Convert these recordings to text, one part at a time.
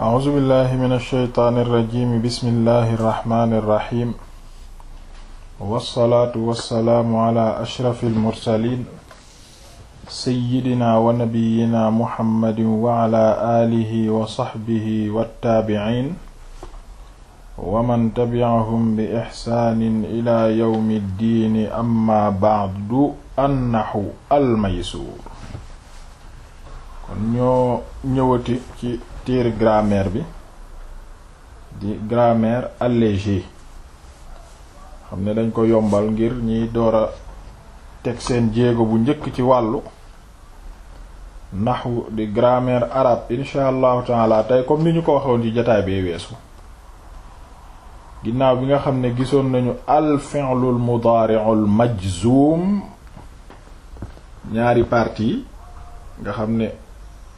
أعوذ بالله من الشيطان الرجيم بسم الله الرحمن الرحيم والصلاة والسلام على أشرف المرسلين سيدنا ونبينا محمد وعلى آله وصحبه والتابعين ومن تبعهم بإحسان إلى يوم الدين أما بعد النحو الميسور kon ñoo ñëwati ci téere grammaire bi di grammaire allégée xam ne dañ ko yombal ngir ñi door teg seen jéego bu njëkk ci wàllu naxwu di grameer arabe insha allahu taala tey comme ni ñu ko waxoon ci jataay bee weesu ginnaaw bi nga xam ne gisoon nañu al fi'lul mudaari'ul majzuum ñaari partie nga xam ne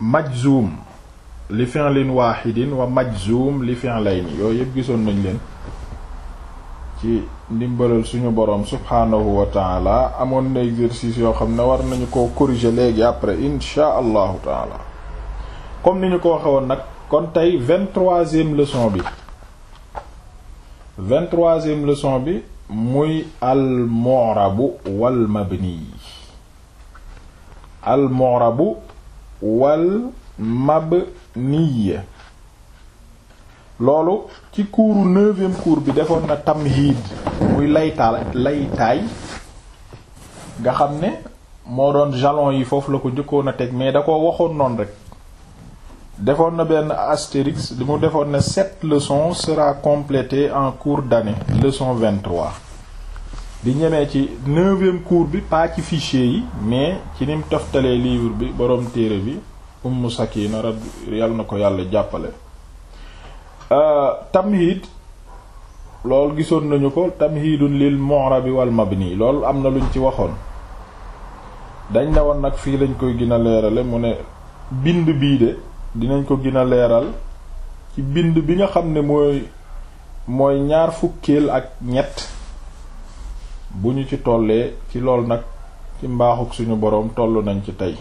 majzuum li fi'lin wahidin wa majzum li fi'layni yooyu yëpp gisoon nañ leen ci ndimbalal suñu boroom subhaanahu wa taala amoon na exercice yoo xam ne war nañu ko corriger léegi après insha allahu taala comme ni ñu ko waxe woon nag kon tey vingt-troisième leçon bi vingt-troisième leçon bi muy al mu'rabu wal mabni al wal mab niyya loolu ci kuuru neuvième cours bi defoon na tam tamhid muy laytaal laytaay nga xam ne moo doon jalon yi foofu la ko njëkkoon a teg mais da ko waxoon noonu rek defoon na benn astérix li mu defoon na sept leçons sera complétée en cours d'année leçon 23 di ñemee ci neuvième cours bi pas ci fichier yi mais ci nim toftalee livre bi boroom téere bi ummu sakina rad na ko yàlla jàppale euh, tamhid loolu gisoon nañu ko tamhidun lil mu'rabi wal nii lool am na luñ ci waxoon dañ ne woon nag fii lañ koy gina a leerale mu ne bind bii de dinañ ko gën a leeral ci bind bi nga xam ne mooy mooy ñaar fukkeel ak ñett bu ñu ci tollee ci lool nag ci mbaaxuk suñu boroom tollu nañ ci tey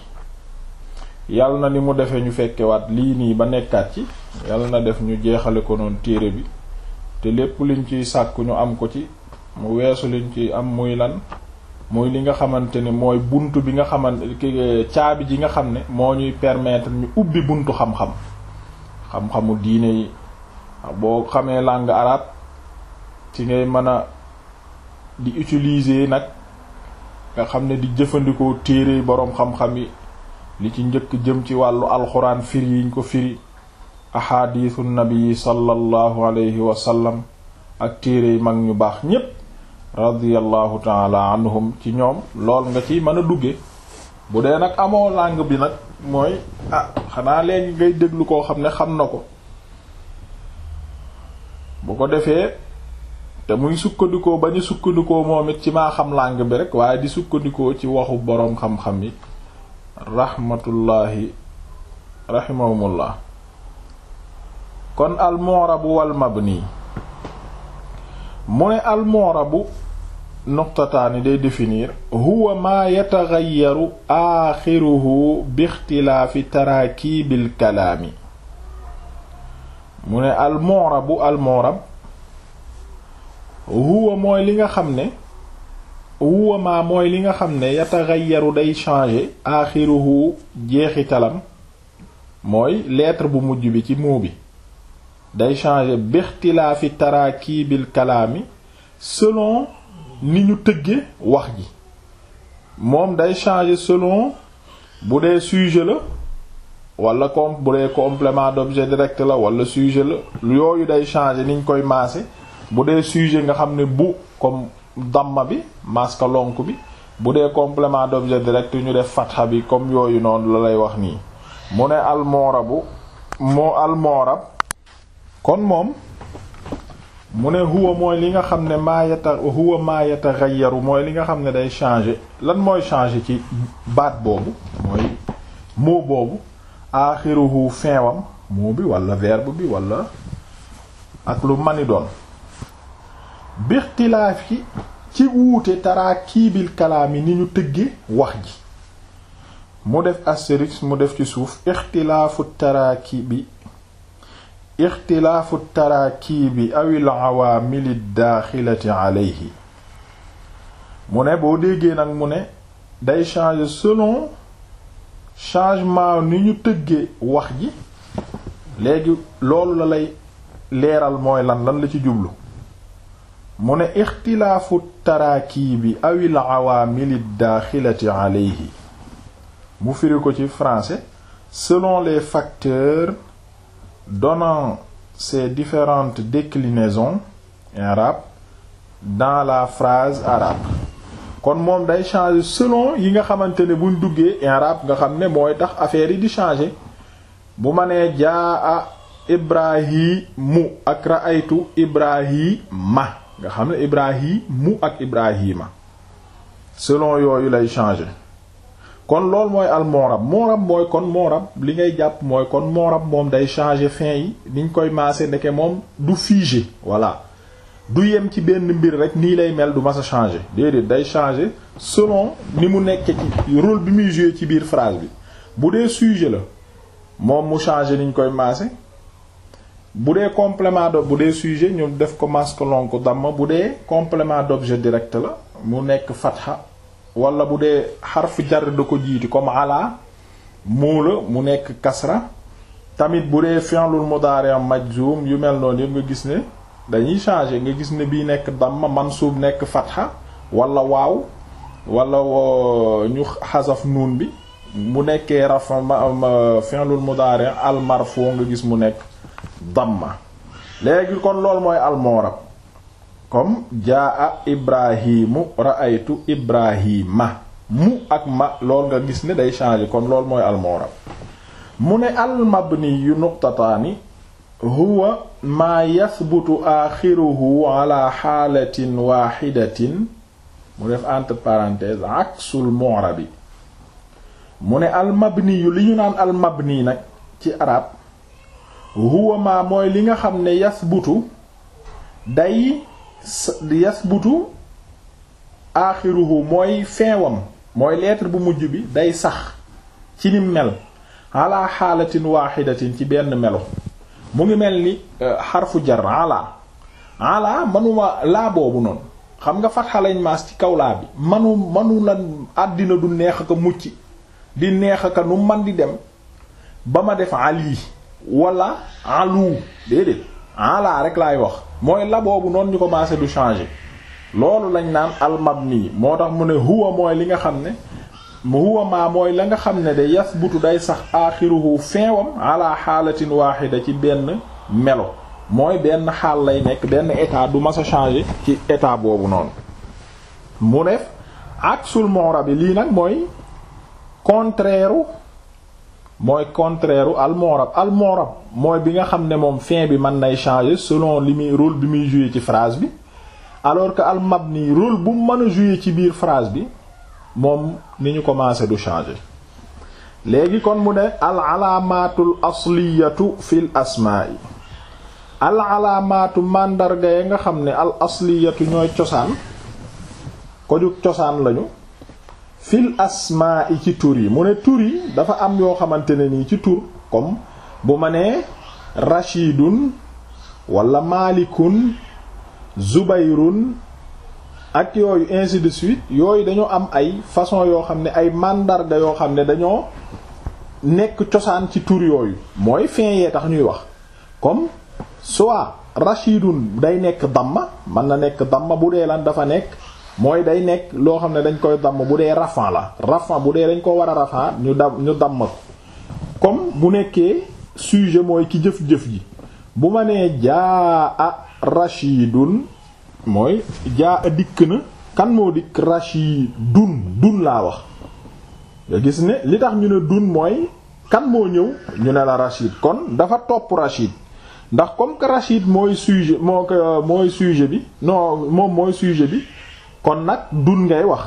yàlla na ni mu defee ñu fekkewaat lii nii ba nekkaat ci yàlla na def ñu jeexale ko noonu téere bi te lépp liñ ciy sàkk ñu am ko ci mu weesu liñ ciy am muy lan muy li nga xamante ne mooy bunt bi nga xamante caabi ji nga xam ne moo ñuy permettre ñu ubbi buntu xam-xam xam-xamu diine yi boo xamee langue arabe ci ngay mën a di utiliser nag nga xam ne di jëfandikoo téere boroom xam-xam yi li ci njëkk jëm ci wàllu alxuraan firi yiñ ko firi axaadiisu nabi sallallahu alayhi wa sallam ak téere yi mag ñu baax ñépp radiyallahu taala anhum ci ñoom lool nga ci mën a dugge bu dee nag amoo langue bi nag mooy ah xanaa léegi ngay déglu koo xam ne xam na ko bu ko defee te muy sukkandikoo ba ñu sukkandikoo moom it ci maa xam langue bi rekk waaye di sukkandikoo ci waxu boroom xam-xam yi raxmatullaahi raximahumullah kon almoorabu wal mabni mu ne almoorabu nuqtataani day définir huwa maa yataxayaru aaxiruhu bi taraakiibil kalaami mu ne almoorabu almoorab huwa mooy li nga xam ne huwa mooy li nga xam ne yataxayaru day changer jeexi talam mooy lettre bu mujj bi ci muu bi day changer bixtilaafi taraakiibil kalaami selon ni ñu tëgge wax ji moom day changer selon bu dee sujet la wala comme bu dee complément d'objet direct la wala sujet la yooyu day changer niñ koy maase bu dee sujet nga xam ne bu comme damma bi maska bi bu dee complément d'objet direct ñu def fatxa bi comme yooyu noonu la lay wax nii mu ne almoorabu moo almoorab kon moom mu ne huwa mooy li nga xam ne maa yata huwa maa yataxayyaru mooy li nga xam ne day changer lan mooy changer ci baat boobu mooy moo boobu aaxiruhu finwam moo bi wala verbe bi wala ak lu mani doon bixtilaaf ci wuute taraakiibil kalaami ni ñu tëgge wax ji mu def astérisque mu def ci suuf ixtilaafu taraakiibi ixtilaafu taraakiibi awil awaamili daaxilati alayhi mu ne boo déggee nag mu ne day changer solon changement ni ñu tëgge wax ji léegi loolu la lay leeral mooy lan lan la ci jublu mu ne ixtilaafu taraakiibi awil awaamili daaxilati aleyhi mu firi ko ci français selon les facteurs donnant ces différentes déclinaisons arabe dans la phrase arabe kon moom day change selon yi nga xamante ne buñ duggee arabe nga xam ne mooy tax affaire yi di changer bu ma nee jaa a ibrahimu ak ra'aytu ibrahima nga xam ne ibrahim mu ak ibrahima selon yooyu lay changer kon loolu mooy al moorab moorab mooy kon moorab li ngay jàpp mooy kon moorab moom day changer fin yi niñ koy maase ndeke moom du figé voilà du yem ci benn mbir rek nii lay mel du mas a changer déedéet day changer selon ni mu nekk ci rôle bi muy jouer ci biir phrase bi bu dee sujet la moom mu changer niñ koy maase bu dee complément d'objet bu dee sujet ñu def ko masculin lonk dama bu dee complément d'objet direct la mu nekk fatha wala bu dee xarfu jar da ko jiiti comme ala muu la mu nekk kasra tamit bu dee fi'lul mudari' majzum yu mel noonu yëpp nga gis ne dañuy changer nga gis ne bii nekk man mansuub nekk fatha wala waaw wala euh, ñu xasaf nuun bi mu nekkee rafa fi'lul mudari' al marfu nga gis mu nekk damma léegi kon loolu mooy almoorab comme jaa a ibrahimu raaytu ibrahima mu ak ma lool nga gis ni day changer kon lool mooy almoorab mu ne almabni yu nuqtataani huwa maa yasbutu aaxiruhu ala xaalatin waaxidatin mu def entre parenthèse aksul moorabi mu ne almabni yu li ñu naan almabni nag ci arab huwa mooy li nga xam ne yasbutu day yasbutu aaxiruhu mooy feewam mooy lettre bu mujj bi day sax ci ni mel ala xaalatin waaxidatin ci benn melo mu ngi mel ni euh, xarfu jar ala ala manuma laa boobu noonu xam nga fatxa lañ maas ci kaw laa bi manu manu la àddina du neex ak a mucc di neex ak nu man di dem ba ma def ali wala alu déedéet ala ah rek laay wax mooy la boobu noonu ñu commencé du changer loolu lañ naan almabni moo tax mu ne huwa mooy li nga xam ne huwa maa mooy la nga xam ne de yasbutu day sax aaxiruhu feewam ala xaalatin waaxida ci benn melo mooy benn xaal lay nekk benn état du masa a changer ci état boobu noonu mu def aksul mu'rab bi lii nag mooy contraire mooy contraire u almorab almorab mooy bi nga xam ne moom fin bi mën nay changé selon li muy rôle bi muy jouer ci phrase bi alors que nii rôle bu mën a jouer ci biir phrase bi moom ni ñu commencé du changé léegi kon mu ne al alaamaatul asliyatu fil asmaa yi al alaamaatu màndarga ya nga xam ne al asliyatu ñooy cosaan koju cosaan lañu fil asmaa yi ci tur yi mu ne tur yi dafa am yoo xamante ne nii ci tur comme bu ma nee rashidun wala malikun zubayrun ak yooyu ainsi de suite yooyu dañoo am ay façon yoo xam ne ay màndarga yoo xam ne dañoo nekk cosaan ci tur yooyu mooy fin yee tax ñuy wax comme soit rashidun day nekk damma mën na nekk damma bu dee lan dafa nekk mooy day nekk loo xam ne dañ koy damm bu dee rafan la rafan bu dee dañ koo war a rafan ñu dam ñu damm ko comme bu nekkee sujet mooy ki jëf-jëf ji bu ma nee jaa a rashidun mooy jaa a dikk na kan moo dikk rashidun dun laa wax gis ne li tax ñu ne dun mooy kan moo ñëw ñu ne la Rachid kon dafa topp Rachid ndax comme que Rachid mooy sujet moo ko mooy sujet bi non moom mooy sujet bi kon nag dun ngay wax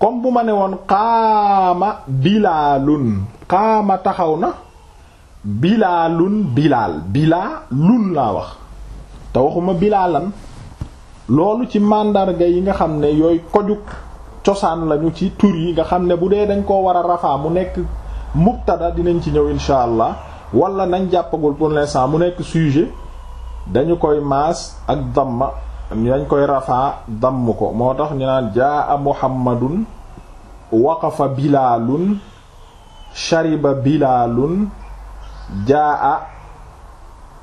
comme bu ma ne woon qaama bilaalun qaama taxaw na bilaalun bilaal bilaalun laa wax te waxuma bilaalan loolu ci màndarga yi nga xam ne yooyu kojuk cosaan lañu ci tur yi nga xam ne bu dee dañ koo war a rafaa mu nekk mubtada dinañ ci ñëw insha allah wala nañ jàppagul pour l'instant mu nekk sujet dañu koy maas ak damma yañ koy rafaa damm ko moo tax ñu naan jaa muhammadun waqafa bilaalun shariba bilaalun jaa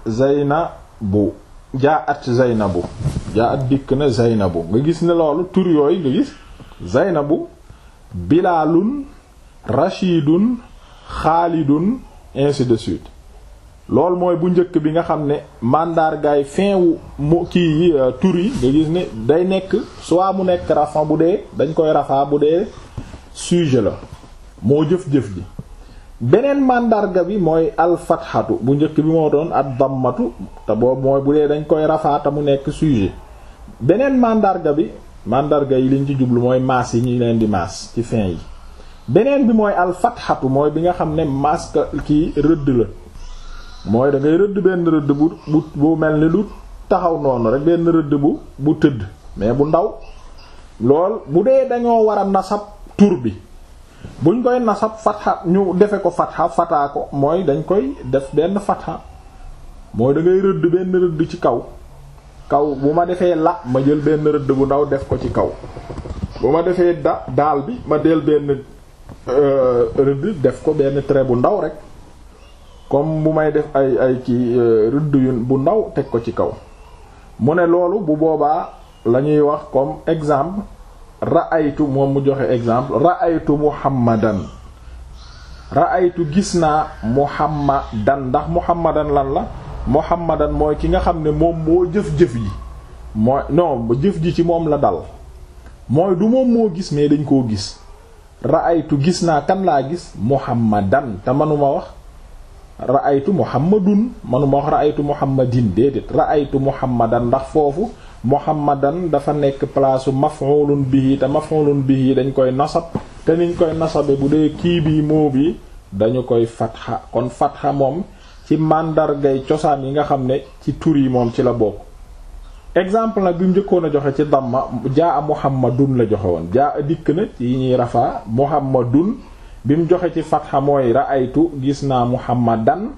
zaynabu jaa at zaynabu jaa at dikk na zaynabu nga gis ne loolu tur yooyu nga gis zaynabu bilaalun rashidun xaalidun ainsi de suite loolu mooy bu njëkk bi nga xam ne mandargaay fin wu mu kii euh, tur yi nga gis ne day nekk soit mu nekk rafa bu dee dañ koy rafa bu dee sujet la moo jëf-jëf ji beneen màndarga bi mooy alfatxatu bu njëkk bi moo doon ad dammatu te boobu mooy bu dee dañ koy rafa mu nekk sujet beneen mandarga bi mandarga yi liñ ci jublu mooy maas yi ñu leen di maas ci fin yi beneen bi mooy alfatxatu mooy bi nga xam ne maas kii rëdd la mooy da rëdd benn rëdd bu bu mel ni lu taxaw noonu rek benn rëdd bu bu tëdd mais bu ndaw lool bu dee dañoo war a nasab tur bi buñ koy nasab fatxa ñu defe ko fatxa fataa mooy dañ koy def benn fatxa mooy da ngay rëdd benn rëdd ci kaw kaw bu ma defee la ma jël benn rëdd bu ndaw def ko ci kaw bu ma defee da daal bi ma del benn euh, rëdd def ko benn trait bu ndaw rek comme bu may def ay ay kii euh, rëdd yu bu ndaw teg ko ci kaw mu ne loolu bu boobaa la ñuy wax comme exemple ra'aytu moom mu joxe exemple ra'aytu muhammadan ra'aytu gis naa muhammadan ndax muhammadan lan la muhammadan mooy ki nga xam ne moom moo jëf-jëf yi mooy non jëf ji ci moom la dal mooy du moom moo gis mais dañ koo gis ra'aytu gis naa kan laa gis muhammadan te manuma wax ra'aytu muhammadun manuma wax ra'aytu muhammadin déedéet ra'aytu muhammadan ndax foofu muhammadan dafa nekk palaasu maf'ulun bihi te maf'ulun bihi dañ koy nasab te niñ koy nasabe bu dee kii bii moo bi dañu koy fatxa kon fatxa moom ci màndargay cosaan yi nga xam ne ci tur yi moom ci la bokk exemple na bi mu njëkkoon a joxe ci damma jaa a muhammadun la joxe woon jaa a dikk na ci yi ñuy rafaa muhammadun bi mu joxe ci fatxa mooy ra'aytu gis naa dan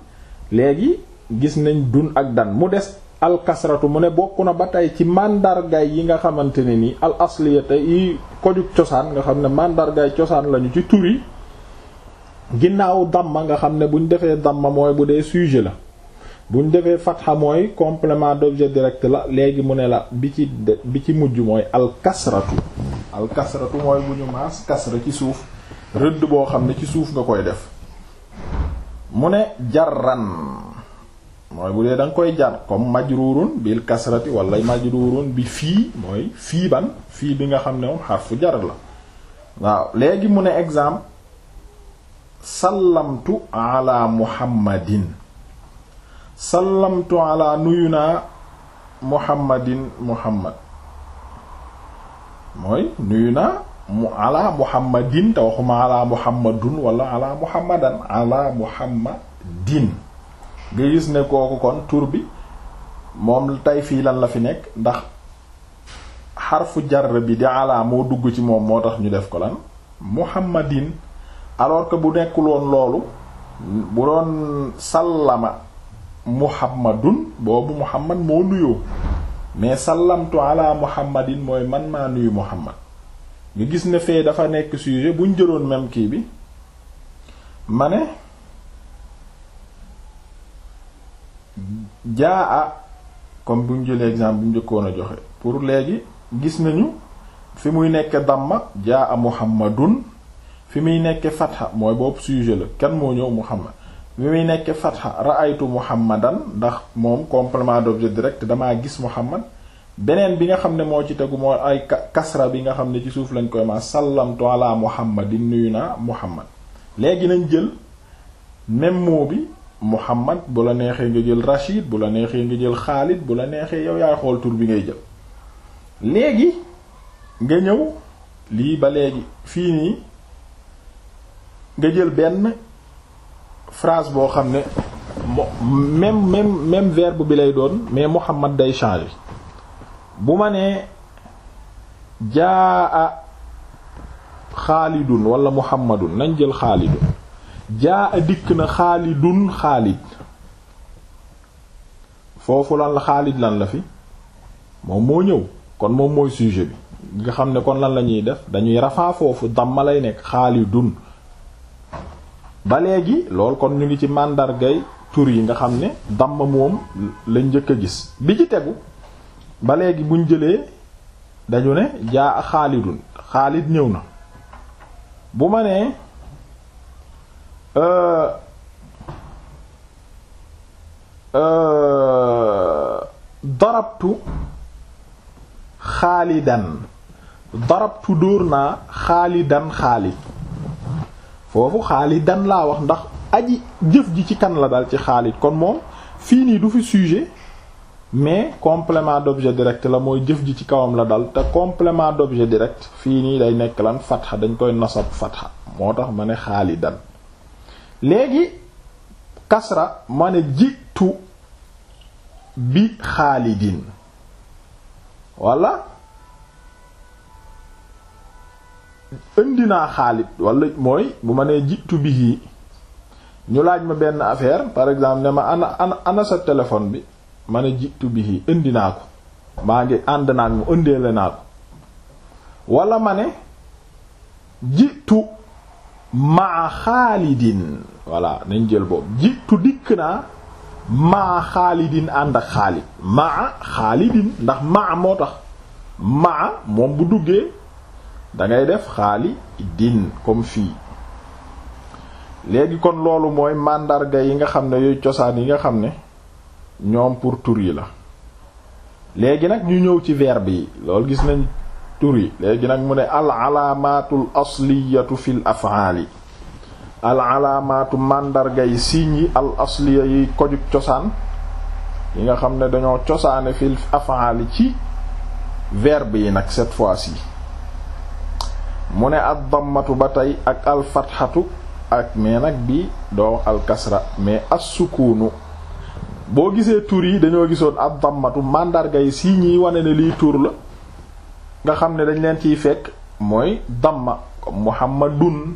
léegi gis nañ dun ak dan mu des alkasratu mu ne bokk na ba tey ci mandargaay yi nga xamante ne ni al asliyata yi kojug cosaan nga xam ne mandargaay cosaan lañu ci tur yi ginnaaw damma nga xam ne buñ defee damma mooy bu dee sujet la buñ defee fatxa mooy complément d'objet direct la léegi mu ne la bi ci bi ci mujj mooy alkasratu alkasratu mooy bu ñu maas kasra ci suuf rëdd boo xam ne ci suuf nga koy def mu ne jar ran mooy bu dee da koy jar comme majruurun bil kasrati wala majruurun bi fii mooy fii ban fii bi nga xam ne moom xarfu jar la waaw léegi mu ne exemple sallamtu ala muhammadin sallamtu ala nuyu naa muhammadin muhammad mooy nuyu naa mu ala muhammadin te waxuma ala muhammadun wala ala muhammadan ala muhammadin nga gis ne kooku kon tur bi moom tey fii lan la fi nekk ndax xarfu jar bi di ala moo dugg ci moom moo tax ñu def ko lan muhammadin alors que bu nekkuloon loolu bu doon sallama muhammadun boobu muhammad moo nuyoo mais sallamtu ala muhammadin mooy man maa nuyu muhammad nga gis ne fee dafa nekk sujet buñ jëloon même kii bi ma ne jaa a comme buñ jëlee exemple bu njëkkoon a joxe pour léegi gis nañu fi muy nekk damma jaa a muhammadun fi muy nekk fatha mooy boobu sujet la kenn moo ñëw muhammad fi muy nekk fatha ra'aytu muhammadan ndax moom complément d'objet direct damaa gis muhammad beneen bi nga xam ne moo ci tegu moo ay kasra bi nga xam ne ci suuf lañ koy ma sallamtu ala muhammadin nuyu naa muhammad léegi nañ jël même mot bi muhammad bu la neexee nga jël rachid bu la neexee nga jël xaalid bu la neexee yow yaay xool tur bi ngay jël léegi nga ñëw lii ba léegi fii nii nga jël benn phrase boo xam ne même même même verbe bi lay doon mais muhammad day changer bu ma nee jaa xaalidun wala muhammadun nañ jël xaalidun jaa dikk na xaalidun xaalid foofu lan la xaalid lan la fi moom moo ñëw kon moom mooy sujet bi nga xam ne kon lan la ñuy def dañuy rafaa foofu damma lay nekk xaalidun ba léegi lool kon ñu ngi ci màndargay tur yi nga xam ne damma moom lañ njëkk a gis bi ci tegu ba léegi buñ jëlee dañu ne jaa xaalidun xaalid ñëw na bu ma nee euh euh darabtu xaalidan darabtu dóor naa xaalidan xaalid foofu xaalidan laa wax ndax aji jëf ji ci kan la dal ci xaalid kon moom fii nii du fi sujet mais complément d'objet direct la mooy jëf ji ci kawam la dal te complement d'objet direct fii nii day nekk lan fatxa dañ koy nasab fatxa moo tax ma ne xaalidan léegi kasra ma ne jitu bi xaalidin wala indi naa xaalid wala mooy bu ma nee jitu bi ñu laaj ma benn affaire par exemple ne ma ana ana ana sa téléphone bi ma ne jitu bihi indi naa ko maa ngi ànd naag mu ëndeele naa ko wala ma ne jitu maa xaalidin voilà nañ jël boobu jitu dikk naa maa xaalidin ànd ak xaalid maa xaalidin ndax maa moo tax ma moom bu duggee dangay ngay def xaalidin comme fii léegi kon loolu mooy màndarga yi nga xam ne yooyu cosaan yi nga xam ne ñoom pour tur yi la léegi nag ñu ñëw ci verbe yi loolu gis nañ tur yi léegi nag mu ne al alaamaatul asliyatu fil afaali al alaamaatu màndarga yi signes yi al asliya yi kojuk cosaan yi nga xam ne dañoo cosaane fil afaali ci verbe yi nag cette fois yi mu ne ad dammatu ba tey ak al fatxatu ak mais nag bi doo wax mais as boo gisee tur yi dañoo gisoon ab dammatu mandarga yi si wane ne lii tur la nga xam ne dañ leen ciy fekk mooy damma comme muhammadun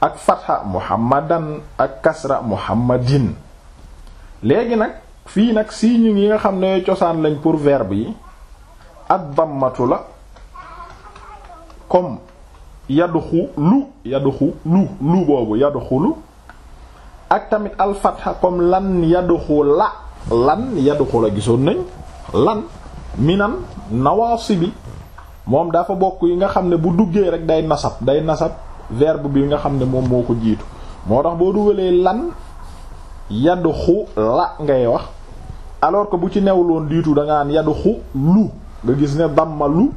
ak fatha muhammadan ak kasra muhammadin léegi nag fii nag siiñu ñu ngi nga xam ne cosaan lañ pour verbe yi ad dammatu la comme yadxu lu yadxu lu lu boobu yadxulu ak tamit alfatha comme lan yadxula lan la gisoon nañ lan minan nawaasibi moom dafa bokk yi nga xam ne bu duggee rek day nasab day nasab verbe bi nga xam ne moom moo ko jiitu moo tax boo dugalee lan yadxu la ngay wax alors que bu ci newloon diitu da nga naan yadxu lu nga gis ne damma lu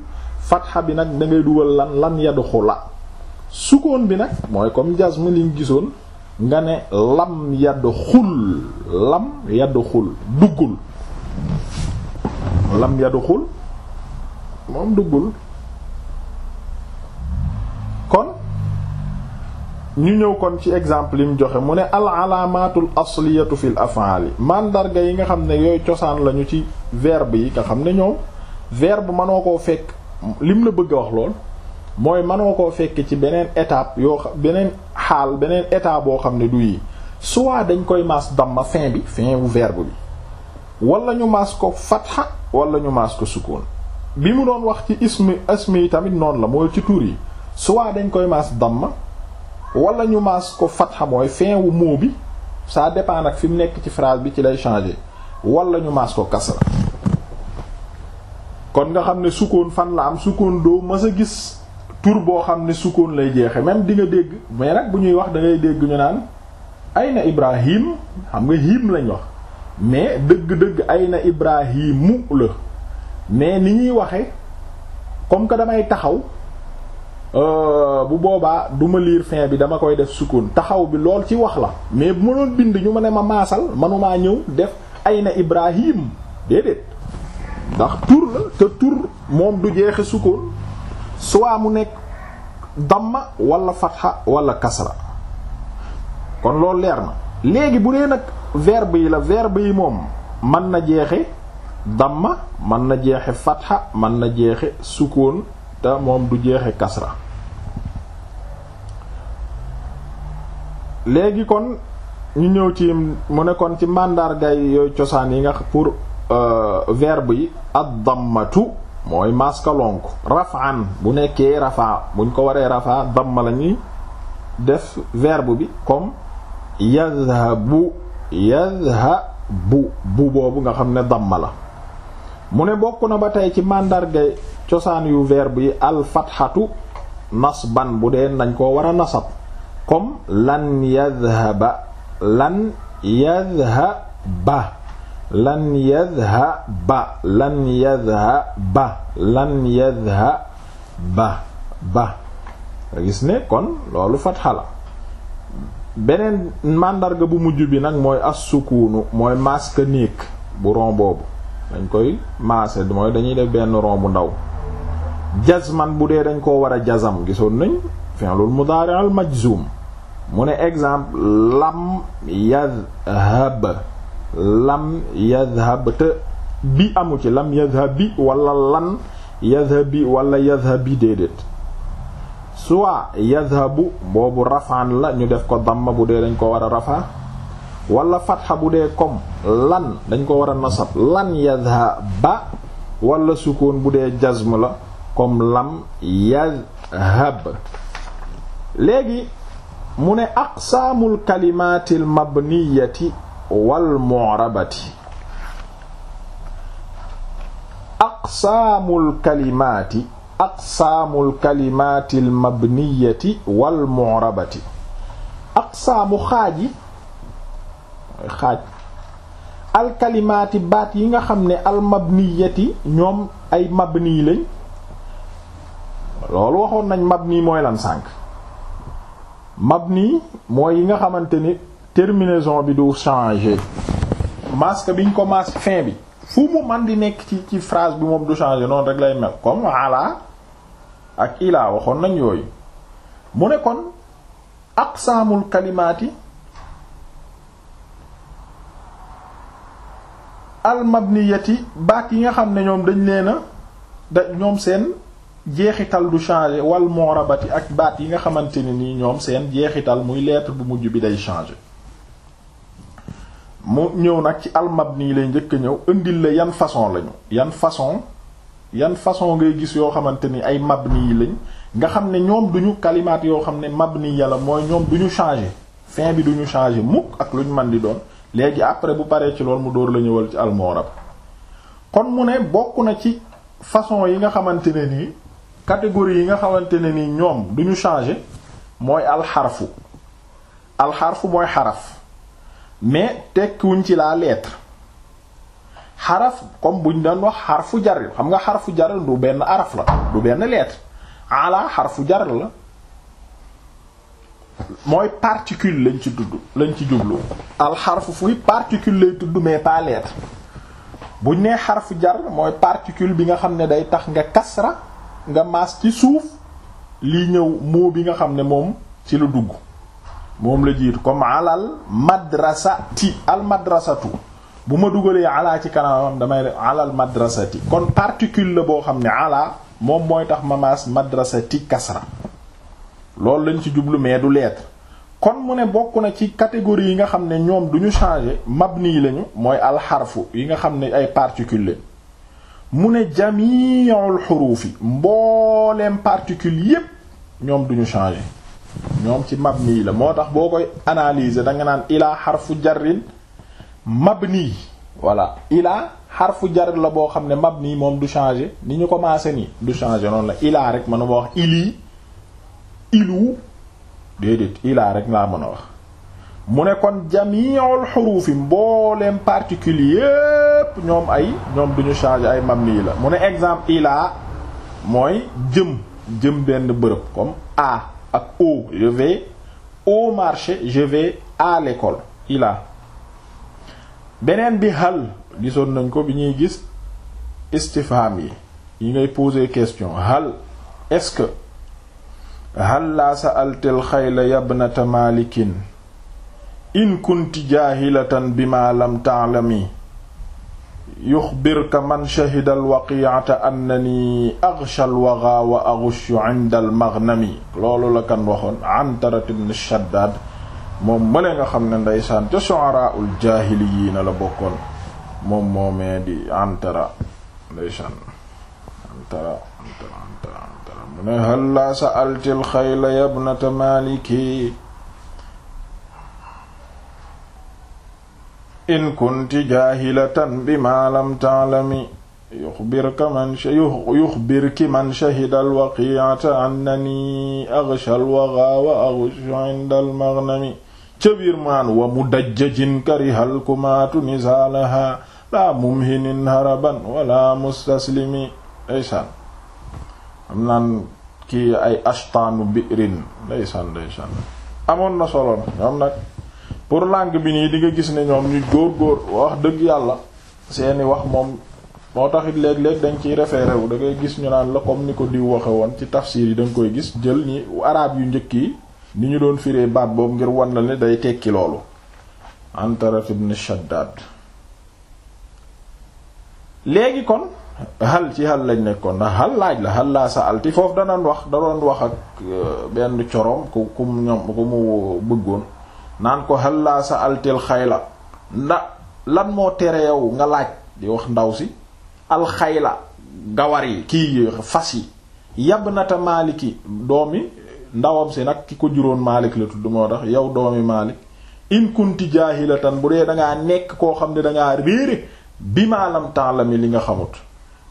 fatxa bi nag dangay dugal lan lan yadxu la sukkoon bi nag mooy comme jasme liñ gisoon nga ne lam yadd xul lam yadd xul duggul lam yadd xul moom duggul kon ñu ñëw kon ci exemple yi mu joxe mu ne al alaamatul asliyatu fil af'al màndarga yi nga xam ne yooyu cosaan lañu ci verbe yi nga xam ne ñoom verbe mënoo ko fekk lim la bëgg a wax lool mooy mënoo ko fekk ci beneen étape yoo xam beneen xaal beneen état boo xam ne du yi soit dañ koy maas damma fin bi fin wu verbe bi wala ñu maas ko fatha wala ñu maas ko sukun bi mu doon wax ci ismi ismi yi tamit noonu la mooy ci tur yi soit dañ koy maas damma wala ñu maas ko fatha mooy fin wu mot bi ça dépend nag fi mu nekk ci phrase bi ci lay changer wala ñu maas ko kasra kon nga xam ne sukun fan la am sukun doo mës a gis tur boo xam ne sukkoon lay jeexe même di dégg mais nag bu ñuy wax dangay dégg ñu naan ay na ibrahim xam nga hiim lañ wax mais dëgg-dëgg ay na ibrahimu la mais ni ñuy waxe comme que damay taxaw euh, bu boobaa duma liir fin bi dama koy def sukkoon taxaw bi lool ci wax la mais bu ma bind ñu ma ne ma maasal manumaa ñëw def ay na ibrahim déedéet ndax tur la te tur moom du jeexe sukkoon soit mu nekk damma wala fatxa walla kasra kon loolu leer na léegi bu dee nag verbe yi la verbe yi moom mën na jeexe damma mën na jeexe fatxa man na jeexe sukkoon te moom du jeexe kasra léegi kon ñu ñëw ci mu ne ci màndarga yi yooyu cosaan yi nga pour euh, verbe yi ad-dammatu mooy maskalonk rafan bu nekkee rafa buñ ko waree rafa damma la ñuy def verbe bi comme yadhabu yadhabu bu boobu nga xam ne damma la mu ne bokk na ba tey ci màndarga cosaan yu verbe yi alfatxatu nasban bu dee nañ koo war a nasab comme lan yadhaba lan yadhaba lan yadha ba lan yadha ba lan yadha ba ba gis ne loolu fatxa la beneen màndarga bu mujj bi nag mooy assukuunu mooy maas ka bu rond boobu dañ koy maase mooy dañuy de benn rond bu ndaw jazman bu dee dañ ko war a jazam gisoon nañ fi'lul mudaari al majzum mu ne exemple lam yadhab lam yadhab te bi amu ci lam yadhab walla lan yadhab bi wala yadhab bi déedéet soit yadhabu boobu rafaan la ñu def ko damma bu dee dañ ko war a rafa wala fatxa bu dee comme lan dañ ko war a nasab lan yadhaba wala sukkoon bu dee jazm la comme lam yadhab léegi mu ne aqsaamul kalimaatil mabniyati wal mu'rabati aqsaamul kalimaati aqsaamul kalimaatil mabniyati wal mu'rabati aqsaamu xaaji xaaj alkalimaati baat yi nga xam ne almabniyati ñoom ay mabni lañ loolu waxoon nañ mabni mooy lan sànk mabni mooy yi nga xamante ni terminaison bi du changer masque biñ ko masque fin bi fu mu man di nekk ci ci phrase bi moom du changer noonu rek lay mel comme ala ak ilaa waxoon nañ yooyu mu ne kon aqsaamul kalimaati al mabniyati baat yi nga xam ne ñoom dañ leena da ñoom seen jeexital du changer wal rabati ak baat yi nga xamante ne nii ñoom seen jeexital muy lettre bu mujj bi day changer mu ñëw nag ci almabni lay njëkk a ñëw indil la yan façon lañu yan façon yan façon ngay gis yoo xamante ni ay mabni yi lañ nga xam ne ñoom duñu kalimaat yoo xam ne mabni yàlla mooy ñoom duñu changer fin bi duñu changer mukk ak lu ñu man di doon léegi après bu paree ci loolu mu dóor la ñëwal ci almoorab kon mu ne bokk na ci façon yi nga xamante ne nii catégorie yi nga xamante ne nii ñoom duñu changer mooy alxarfu alxarfu mooy xaraf mais tekkiwuñ ci la lettre xaraf comme buñ daan wax xarfu jar xam nga xarfu jar lu benn araf la du benn lettre ala xarfu jar la mooy particule lañ ci tudd lañ ci jublu al xarfu fuy particule lay tudd mais pas lettre buñ nee xarfu jar mooy particule bi nga xam ne day tax nga kasra nga maas ci suuf lii ñëw moo bi nga xam ne moom ci lu dugg moom la jiitu comme alal madrasati al madrasatu bu ma dugalee alaa ci kanamam damay def alal madrasati kon particule la boo xam ne alaa moom mooy tax ma maas madrasati kasra loolu lañ ci jublu mais du lettre kon mu ne bokk na ci catégorie yi nga xam ne ñoom duñu ñu mab nii lañu mooy alxarfu yi nga xam ne ay particule lañ mu ne jamiul xuruufi mbooleem particule yépp ñoom duñu ñu changer ñoom ci mabni la moo tax boo koy analyser da nga naan ilaa xarfu mab mabni voilà ilaa xarfu jarrin la boo xam ne mabni moom du changer ni ñu commencé nii du changer noonu la ilaa rek mën mënuma wax ilii ilu déedéet ilaa rek laa mën a wax mu ne kon jami'ul xuruf yi mbooleem particules yépp ñoom ay ñoom duñu changer ay mabni la mu ne exemple ilaa mooy jëm jëm benn bërëb comme a ak au je vais au marché je vais à l'école ila beneen bi hal gisoon nañ ko bi ñuy gis istifham yi yi ngay poser question hal est-ce que hal laa sa'altal xayla yabnata malikin in kunti jaahilatan bima lam ta'lami yuxbirka man shahida alwaqiata annani aghsha alwaga wa aghushu inda almaghnami loolu la kan waxoon Antarat ibn Shaddad moom male nga xam ne ndeysaan ca shu'ara aljaahiliyiina la bokkoon moom moomee di Antara ndeysaan Antara Antara Antara mu ne hal laa sa'alti alxayla ya ibnata Maaliki in kunti jaahilatan bimaa lam ta'lami yuxbirka man yuxbirki man shahida alwaqiata annani aghsha alwagaa wa aghsha inda almaghnami ca biir maan wa mudajjajin karihal kumaatu nizaalaha laa mumhinin haraban wala mustaslimi ndeysaan am naan kii ay ashtaanu birin ndeysaan ndeysaan amoon na solo na ñoom nag pour langue bi nii di nga gis ne ñoom ñu góor góor wax dëgg yàlla seeni wax moom moo taxit léeg-léeg dañ ciy référé wu dangay gis ñu naan la comme ni ko diw waxe woon ci tafsir yi da koy gis jël ni arab yu njëkk yi ni ñu doon firee baat boobu ngir wan la ne day tekki loolu Antarat ibn Shaddad léegi kon xal ci hal lañ nekkoon ndax hal laaj la hal laa sa alti foofu danan wax da wax ak euh, benn coroom ku ku ñoom ku mu bëggoon naan ko halla sa altil xayla nda lan moo tere yow nga laaj di wax ndaw si alxayla gawar yi kii fas yi yabnata maaliki doomi ndawam si nag ki ko juróon maalik la tudd moo tax yow doomi maalik in kunti jaahilatan bu dee dangaa nekk koo xam ne dangaa réere bi maalam mi li nga xamut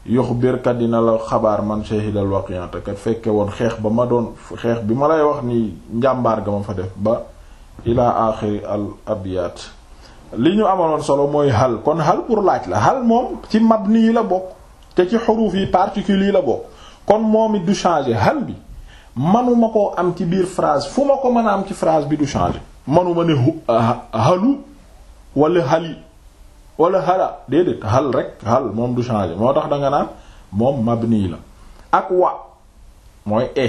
yox birkat dina la xabaar man shahidal waqi'ata kat fekke woon xeex ba ma doon xeex bi ma lay wax ni njàmbaar ga ma fa def ba ila axiri al abiat li ñu amaloon solo mooy hal kon hal pour laaj la hal moom ci mabni yi la bokk te ci xuruf yi particulier yi la bokk kon moom it du changer hal bi manuma ko am ci biir phrase fu ma ko mën a am ci phrase bi du changer manuma ne ah, halu wala hali wala hala déedéet hal rek hal moom du changer moo tax danga naan moom mabni la ak wa mooy e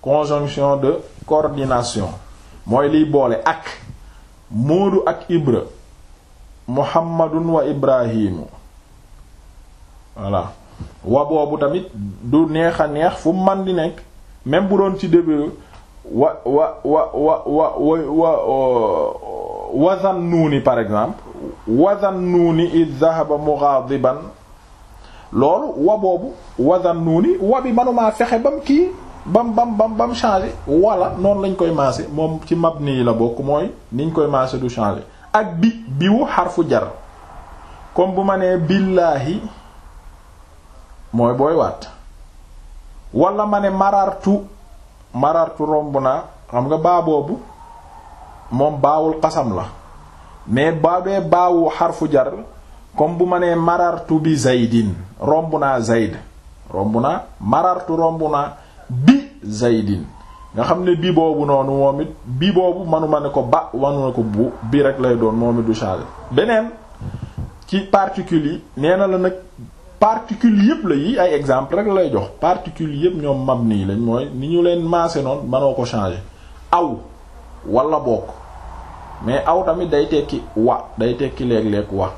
conjonction de coordination mooy liy boole ak moodu ak ibra muhammadun wa ibrahimu voilà wa boobu tamit du neex a neex fu man di nekk même bu doon ci début wa wa wa wa wa wa wazan nuuni par exemple wazan nuuni id dhahaba mughadiban loolu wa boobu wazan wa bi manumaa fexe bam kii bam bam bam bam changé wala noonu lañ koy maase moom ci mabni yi la bokk mooy niñ koy maase du changé ak bi biwu xarfu jar comme bu ma nee billaahi mooy booy waat wala ma ne marartu marartu romb naa xam nga baa boobu moom baawul xasam la mais baabee baawu xarfu jar comme bu ma nee marartu bi zaydin romb naa zayd romb naa marartu romb naa bi zaydin nga xam ne bi boobu noonu moom it bi boobu manuma ne ko ba wanu ne ko bu bi rek lay doon moom it du changer beneen ci particule yi nee na la nag particules yëpp la yi ay exemple rek lay jox particules yëpp ñoom mabni lañ mooy ni ñu leen maase noon manoo ko changer aw walla bokk mais aw tamit day tekki wa day tekki léeg-léeg wa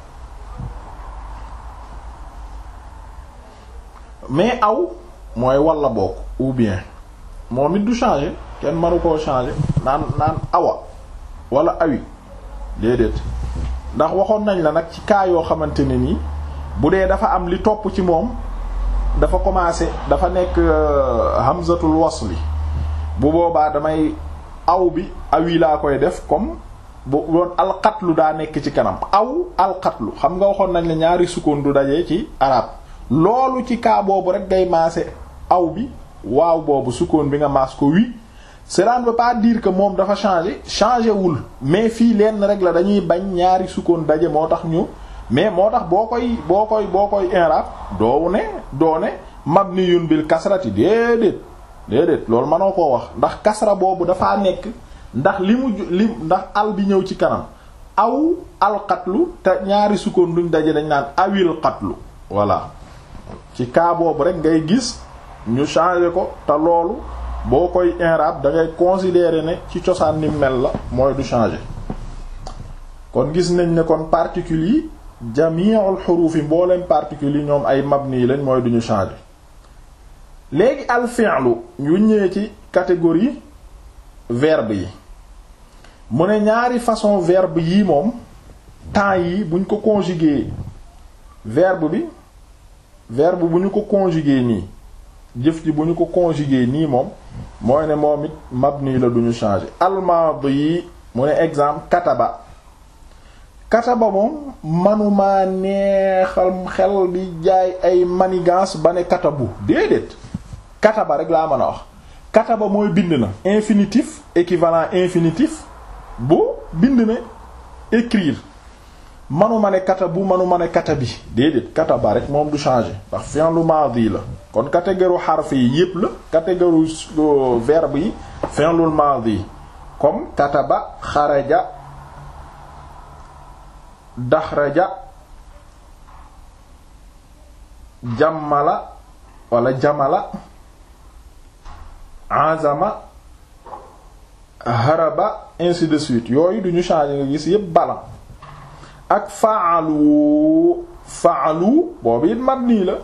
mais aw mooy walla bokk ou bien moom it du changer kenn manu koo changer naan naan awa wala awi déedéet ndax waxoon nañ la nag ci cas yoo xamante ne nii bu dee dafa am li topp ci moom dafa commencer dafa nekk euh, hamzatul wasli bu boobaa damay aw bi awi laa koy def comme bu doon alxatlu daa nekk ci kanam aw alxatlu xam nga waxoon nañ la ñaari sukkoon du dajee ci arab loolu ci kaa boobu rek ngay maase aw bi waaw boobu sukkoon bi nga maas ko wii cela ne veut pas que moom dafa changé changé wul mais fii lenn rek la dañuy bañ ñaari sukkoon daje moo tax ñu mais moo tax boo koy boo koy boo koy inrab doowu ne doo ne mabniyun bil kasrati déedéet déedéet loolu mënoo koo wax ndax kasra boobu dafaa nekk ndax li mu li ndax al bi ñëw ci kanam aw alqatlu te ñaari sukkoon duñ daje dañ naan awil qatlu voilà ci cas boobu rek ngay gis ñu changé ko te loolu boo koy inrab da ngay considérer ne ci cosaan ni mel la mooy du changé kon gis nañ ne kon particules yi jami'ul huruf yi mbooleem particules yi ñoom ay mab mabni lañ mooy duñu changé léegi al fi'lu yu ñëwee ci catégorie verbe yi mu ne ñaari façon verbe yii moom temps yi buñ ko conjugué verbe bi verbe bu ñu ko conjugué nii jëf ji bu ñu ko conjugué nii moom mooy ne moom it mabni la duñu changer almaadi yi mu ne exemple kataba kataba moom manumaa neexal xel di jaay ay manigance ba ne katabu déedéet kataba rek laa mën a wax kataba mooy bind na infinitif équivalent infinitif bu bind na écrire manuma ne kata bu manuma ne kata bi déedéet kata ba rek moom du changer ndax fi'lu maadi la kon catégorie xarf yi yépp la catégorie euh, verbe yi fi'lul maadi comme kataba xaraja daxraja jammala wala jamala azama haraba ainsi de suite yooyu duñu changer nga gis yépp balan ak faalu faalu boobu it mabni la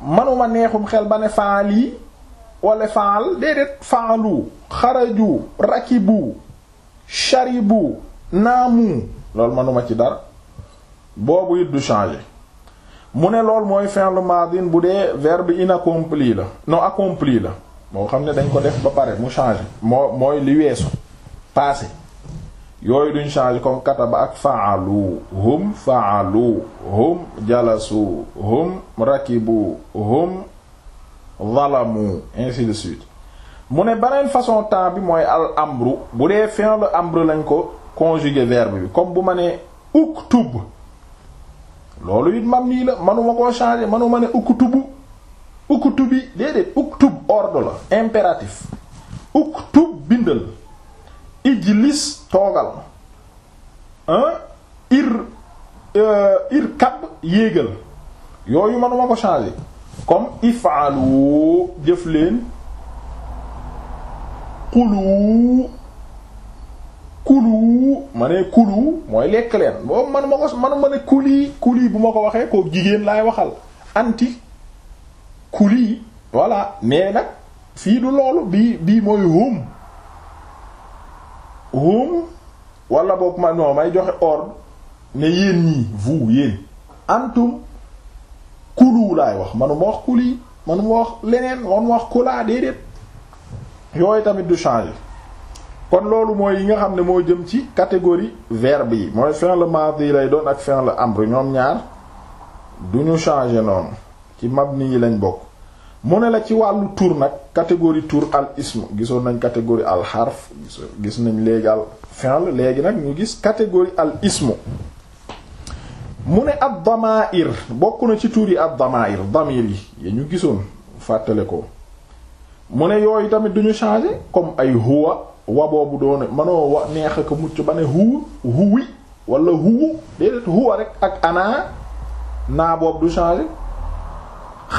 manuma neexum xel ba ne faali wala faal déedéet faalu xaraju rakibu sharibu naamu loolu manuma ci dara boobu it du changer mu ne lool mooy fi'l madin bu dee verbe inaccompli la non accompli la moo xam ne dañ ko def ba pare mu changer moo mooy li weesu passé yooyu duñ changer comme kataba ak faalu hum faalu hum jalasu hum rakibu hum zalamu ainsi de suite mu ne beneen façon temps bi mooy al amru bu dee fin le amru lañ ko conjuguer verbe bi comme bu ma nee uktub loolu it mam nii la manuma koo changer manuma ne uktubu uktubi déedéet uktub ordre la impératif uktub bindal ijlis toogal ah ir euh, ir kab yéegal yooyu manuma ko changer comme ifaalu jëf leen kulu kulu ma ne kulu mooy lekk leen boobu manuma ko manuma ne kuli kuli bu ma ko waxee ko jigéen laay waxal anti kuli voilà mais nag fii du loolu bii bii mooy hum hum wala boog ma ñoo may joxe ordre ne yéen ñii vous yéen antum kulu laay wax manuma wax kuli manuma wax leneen manuma wax kulaa déedéet yooyu tamit du changer kon loolu mooy yi nga xam ne moo jëm ci catégorie verbe yi mooy fi'l madi lay doon ak fi'l amr ñoom ñaar duñu changer noonu ci mabni yi lañ bokk mu ne la ci wàllu tur nag catégorie tour al ism gisoon nañ catégorie al xarf gis nañ léegi al fi'l léegi nag ñu gis catégorie al ismu mu ne ad damair bokk na ci tur yi ad damair damir yi ñu gisoon fàttale ko mu ne yooyu tamit duñu changé comme ay huwa wa boobu doone mënoo wa neex ak mucc ba ne huwa huwi wala huwu déedéet huwa rek ak ana naa boobu du changé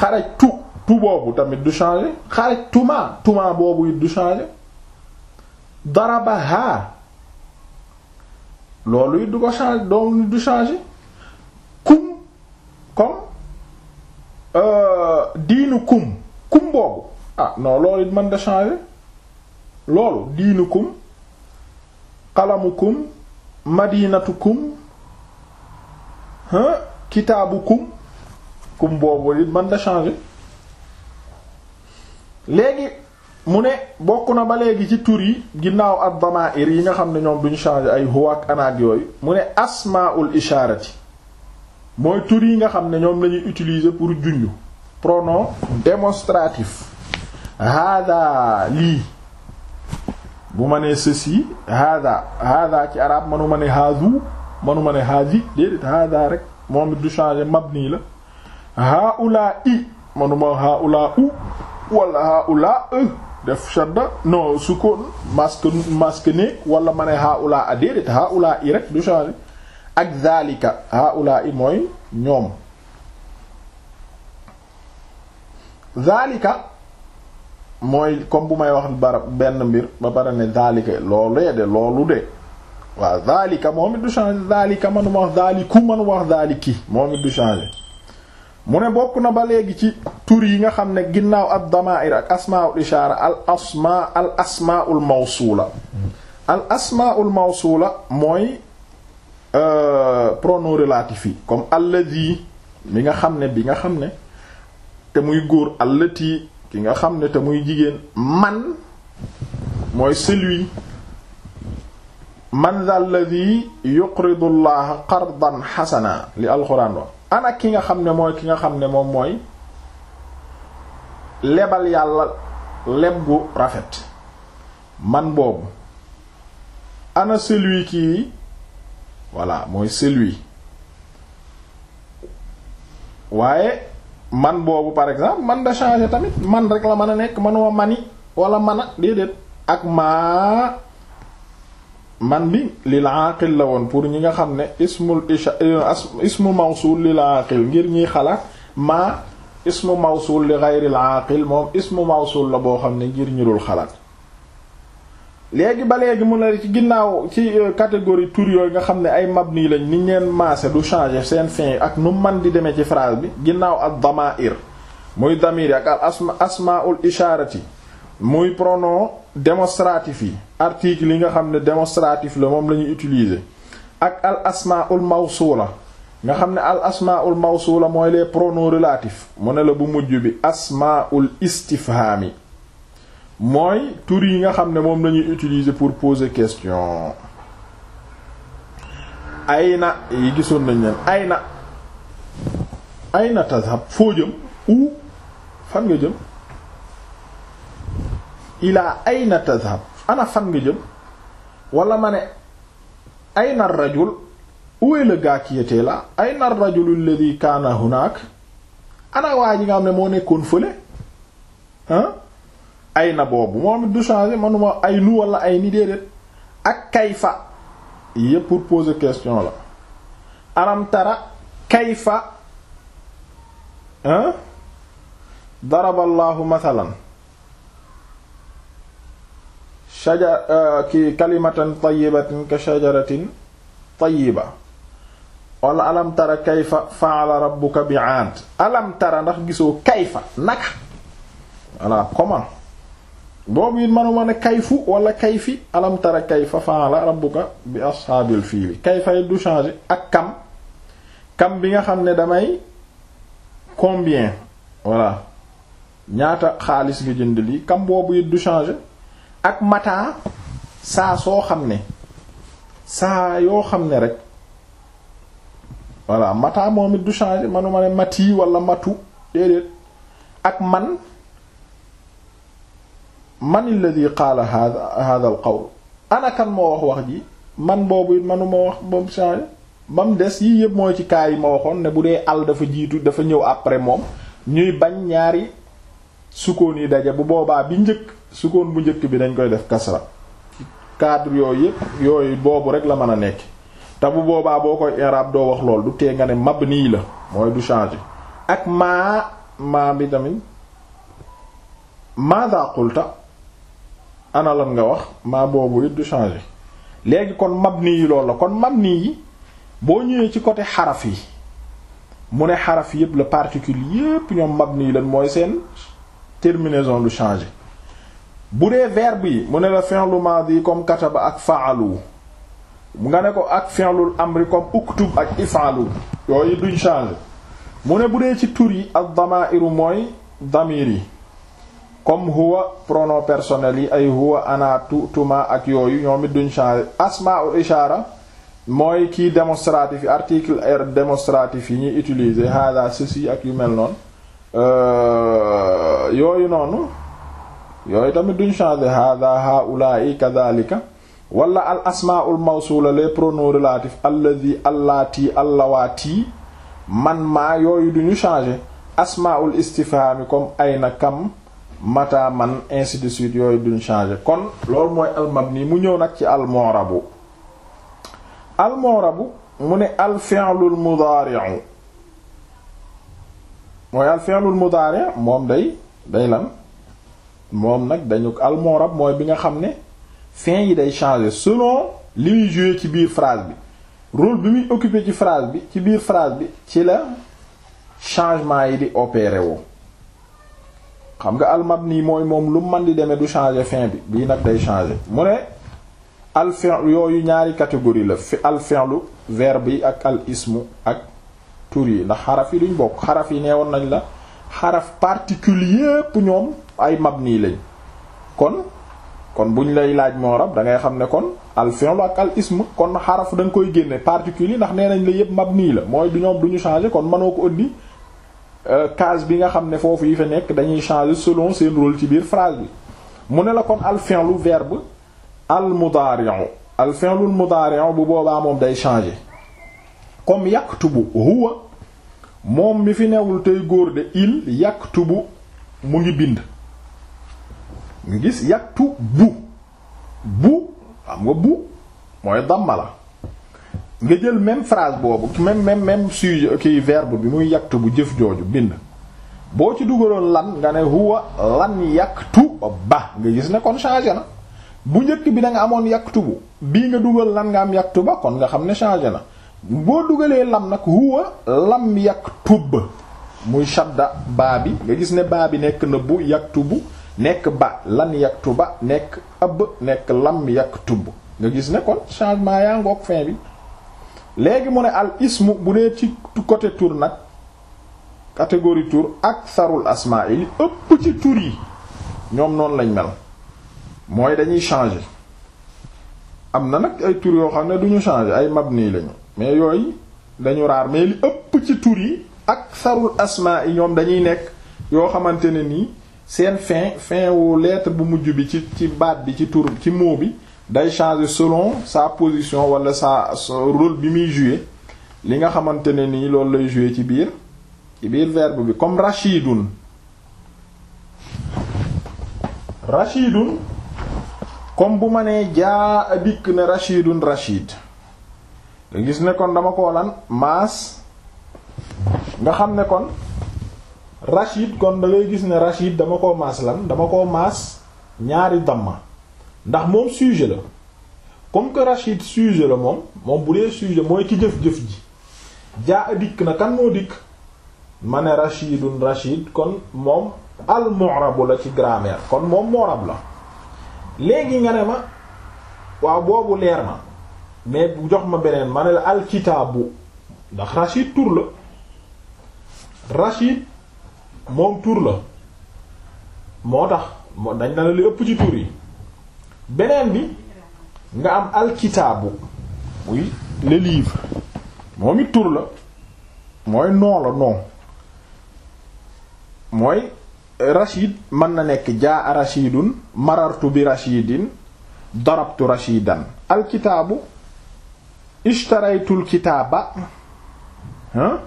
xaraj tu tu boobu tamit du changer xaarij tuma tuma boobu it du changer darabaha loolu it du ko changer doom du changer kum comme euh, diinu kum kum boobu ah non loolu it mën da changer loolu diinu kum xalamu kum madinatu kum kitaabu kum kum boobu it mën da changer léegi mu ne bokk na ba léegi ci tur yi ginnaaw ak damair yi nga xam ne ñoom duñu changer ay huwaak anaak yooyu mu ne asmaul isharati mooy tur yi nga xam ne ñoom lañuy utiliser pour junju pronom démonstratif hada lii bu ma nee ceci hada hada ci arab manuma ne hadu manuma ne hadi déedéet hada rek moom it du changer mabni la haula i manuma haula u wala haula euh, def shadda non sukkoon maske maske néeg wala ma ne haula a ah, déedéet haula i rek du changer ak zalika haula i mooy ñoom zalika mooy comme bu may wax barab benn mbir ba pare ne zalika loolu de loolu de waaw zalika moom it du changer zalika manuma wax zaliku manuma wax zaliki moom it du changer mu ne bokk na ba léegi ci tur yi nga xam ne ginnaaw ad damair ak asmaul ishaara al asma al asmaul mawsuula al asmaul mawsuula mooy euh, pronom relatif yi comme alladi mi nga xam ne bi nga xam ne te muy góor allati ki nga xam ne te muy jigéen man mooy celui man dha alladi yuqridu llaha qardan xasana li alxuraan wax ana ki nga xam ne mooy ki nga xam ne moom mooy lebal yàlla leb gu rafet man boobu ana celui kii voilà mooy celui waaye man boobu par exemple man da changer tamit man rek la mën a nekk manuma mani wala mana déedéet ak maa man bi lil aaqil la woon pour ñi nga xam ne ismul isha ismu mawsul lil aaqil ngir ñuy xalaat maa ismu mawsul li ghayril aaqil moom ismu mawsul la boo xam ne ngir ñu dul xalaat léegi ba léegi mu ne ci ginnaaw ci euh, catégorie tur yooyu nga xam ne ay mabni lañ niñ leen maase du changer seen fin ak nu man di demee ci phrase bi ginnaaw ak damair muy damir ak al asma asmaul isharati muy prono démonstratif yi article yi nga xam ne démonstratif la moom la ñuy utiliser ak al asmaul mawsuula nga xam ne al asmaul mawsuula mooy les pronoms relatifs mu ne la bu mujj bi asmaul istifhaami mooy tur yi nga xam ne moom la ñuy utiliser pour poser question ayna yi gisoon nañ leen ayna ayna tazhab foo jëm u fan nga jëm ilaa ayna tadhab ana fan nga jëm wala ma ne ayna ar-rajul où est le gars qui était là ayna rajul alladhi kaana hunaak ana waa ji nga xam ne moo nekkoon fële ah ay na boobu moom it du changer manuma ay nu wala ay ni déedéet ak kayfa yépp pour poser question la alam tara kayfa daraba allahu mathalan shaja uh, ki kalimatan tayyibatin ka shajaratin tayyiba wala alam tara kayfa fa'ala rabbuka alam tara ndax gisoo kayfa naka voilà comment boobu it manuma ne kayfu wala kayfi alam tara kayfa fa'ala rabbuka bi ashaabil fiili kayfa yi du changer ak kam kam bi nga xam ne damay combien voilà ñaata xaalis nga jënd lii kam boobu it du changer ak mataa saa soo xam ne saa yoo xam ne rek voilà mataa moom it du changer manuma ne mati walla matu déedéet ak man man alladhi qaala hadha hadha al qawl anakan moo wax wax ji man boobu manuma wax boobu changer ba mu des yii yëpp mooy ci kaa yi ma waxoon ne bu dee al dafa jiitu dafa ñëw après moom ñuy bañ ñaari sukkoon yi daje bu boobaa bi njëkk sukoon bu njëkk bi dañ koy def kasra cadre yooyu yëpp yooyu boobu rek la mën a nekk te bu boobaa boo koy i'rab doo wax loolu du tee nga ne mab nii la mooy du changer ak maa maa bi tamit maada qulta ana lan nga wax maa boobu it du changer léegi kon mab nii yi la kon mab nii boo ñëwee ci côté xaraf yi mu ne xaraf yëpp la particule yëpp ñoom mab nii lan mooy seen terminaison du changer bu dee verbe yi mu ne la fi'lu madi comme kataba ak fa'alu nga ne ko ak fi'lul amri comme uktub ak if'alu yooyu duñ changer mu ne bu dee ci tur yi ak damairu mooy damir yi comme huwa pronom personnel yi ay huwa ana tu ak yooyu ñoom duñ changer asma ul ishara mooy kii démonstratif yi article r démonstratif yi ñuy utiliser hada ceci ak yu mel noonu euh, yooyu noonu yooyu tamit duñ changer hada haula'i kadhalika wala al asmaul mawsula les pronoms relatifs alladhi allati allawaati man maa yooyu duñu changer asmaul istifhami comme ayna kam mata man ainsi suite yooyu duñ changer kon loolu mooy al mu ñëw nag ci al mu'rabu al mu'rabu mu ne al fi'lul mudari'u moom day day lan moom nag dañu almorab mooy bi nga xam ne fin yi day changer selon li muy jouer ci biir phrase bi rôle bi muy occuper ci phrase bi ci biir phrase bi ci la changement yi di opérer woo xam nga nii mooy moom lu man di demee du changer fin bi bii nag day changer mu ne al fi'l yooyu ñaari catégorie la fi al fi'lu verbe yi ak al ismu ak tur yi ndax xaraf yi duñ bokk xaraf yi neewoon nañ la xaraf particulier yépp ñoom ay mab mabni lañ kon kon buñ lay laaj mu'rab da ngay xam ne kon al fi'l ak al ism kon xaraf da nga koy génne particules yi ndax nee nañ la yëpp mabni la mooy du ñoom du ñu changer kon mënoo ko ëndi euh, case bi nga xam ne foofu yi fa nekk dañuy changer selon seen rôle ci biir phrase bi mu ne la kon al fi'lu verbe al mudari'u al fi'lu al bu boobaa moom day changer comme yaktubu huwa moom mi fi newul tey góor de il yaktubu mu ngi bind nga gis yàttu bu bu xam nga bu mooy damma nga jël même phrase boobu même même même sujet kii verbe bi muy yàttu bu jëf jooju bind boo ci dugaloon lan nga ne huwa lan yàktu ba nga gis ne kon changé na bu njëkk bi da amoon yàktu bu bii nga dugal lan nga am yàktu ba kon nga xam ne changé na boo dugalee lam nag huwa lam yàktub muy shadda baa bi nga gis ne baa bi nekk na bu yàktu bu nekk ba lan ba nekk ëbb nekk lam yaktub nga gis ne kon changement yaa ngoog fin bi léegi mu ne al ismu bu dee ci côté tur nag catégorie tur sarul asmaa yi li ëpp ci tur yi ñoom noonu lañ mel mooy dañuy changer am na nag ay tur yoo xam ne duñu changer ay mabni lañu mais yooy dañu raar mais li ëpp ci tur yi aktharul asmaa yi ñoom dañuy nekk yoo xamante ne nii seen fin fin wu lettre bu mujj bi ci ci baat bi ci tur ci mot bi day changer selon sa position wala sa rôle bi muy jouer li nga xamante ne nii loolu lay jouer ci biir ci biir verbe bi comme rachidun rachidun comme bu ma nee jaa dikk ne rachidun rachid nga gis ne kon dama ko lan maas nga xam ne kon rashid kon da gis ne rashid dama koo maas lan dama koo maas ñaari damma ndax moom sujet la comme que rashid sujet la moom moom bu dee sujet mooy ki jëf-jëf ji jaa dikk na kan moo dikk ma ne rashidun rashid kon moom al mu'rab la ci grammaire kon moom mu'rab la léegi nga ne ma waaw boobu leer na mais bu jox ma beneen ma ne la alkitaabu ndax rashid tur la rashid moom tur la moo tax dañ na li ëpp ci tur yi beneen bi nga am alkitaabu muy le moom it tur la mooy non la non mooy rashid mën na nekk jaa a rashidun marartu bi rashidin darabtu rashidan alkitaabu ishtaraytul kitaaba hein